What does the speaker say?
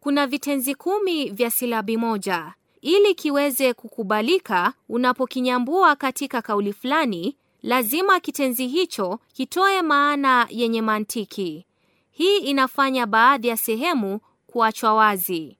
Kuna vitenzi kumi vya silabi moja. Ili kiweze kukubalika unapokinyambua katika kauli fulani, lazima kitenzi hicho kitoe maana yenye mantiki. Hii inafanya baadhi ya sehemu kuachwa wazi.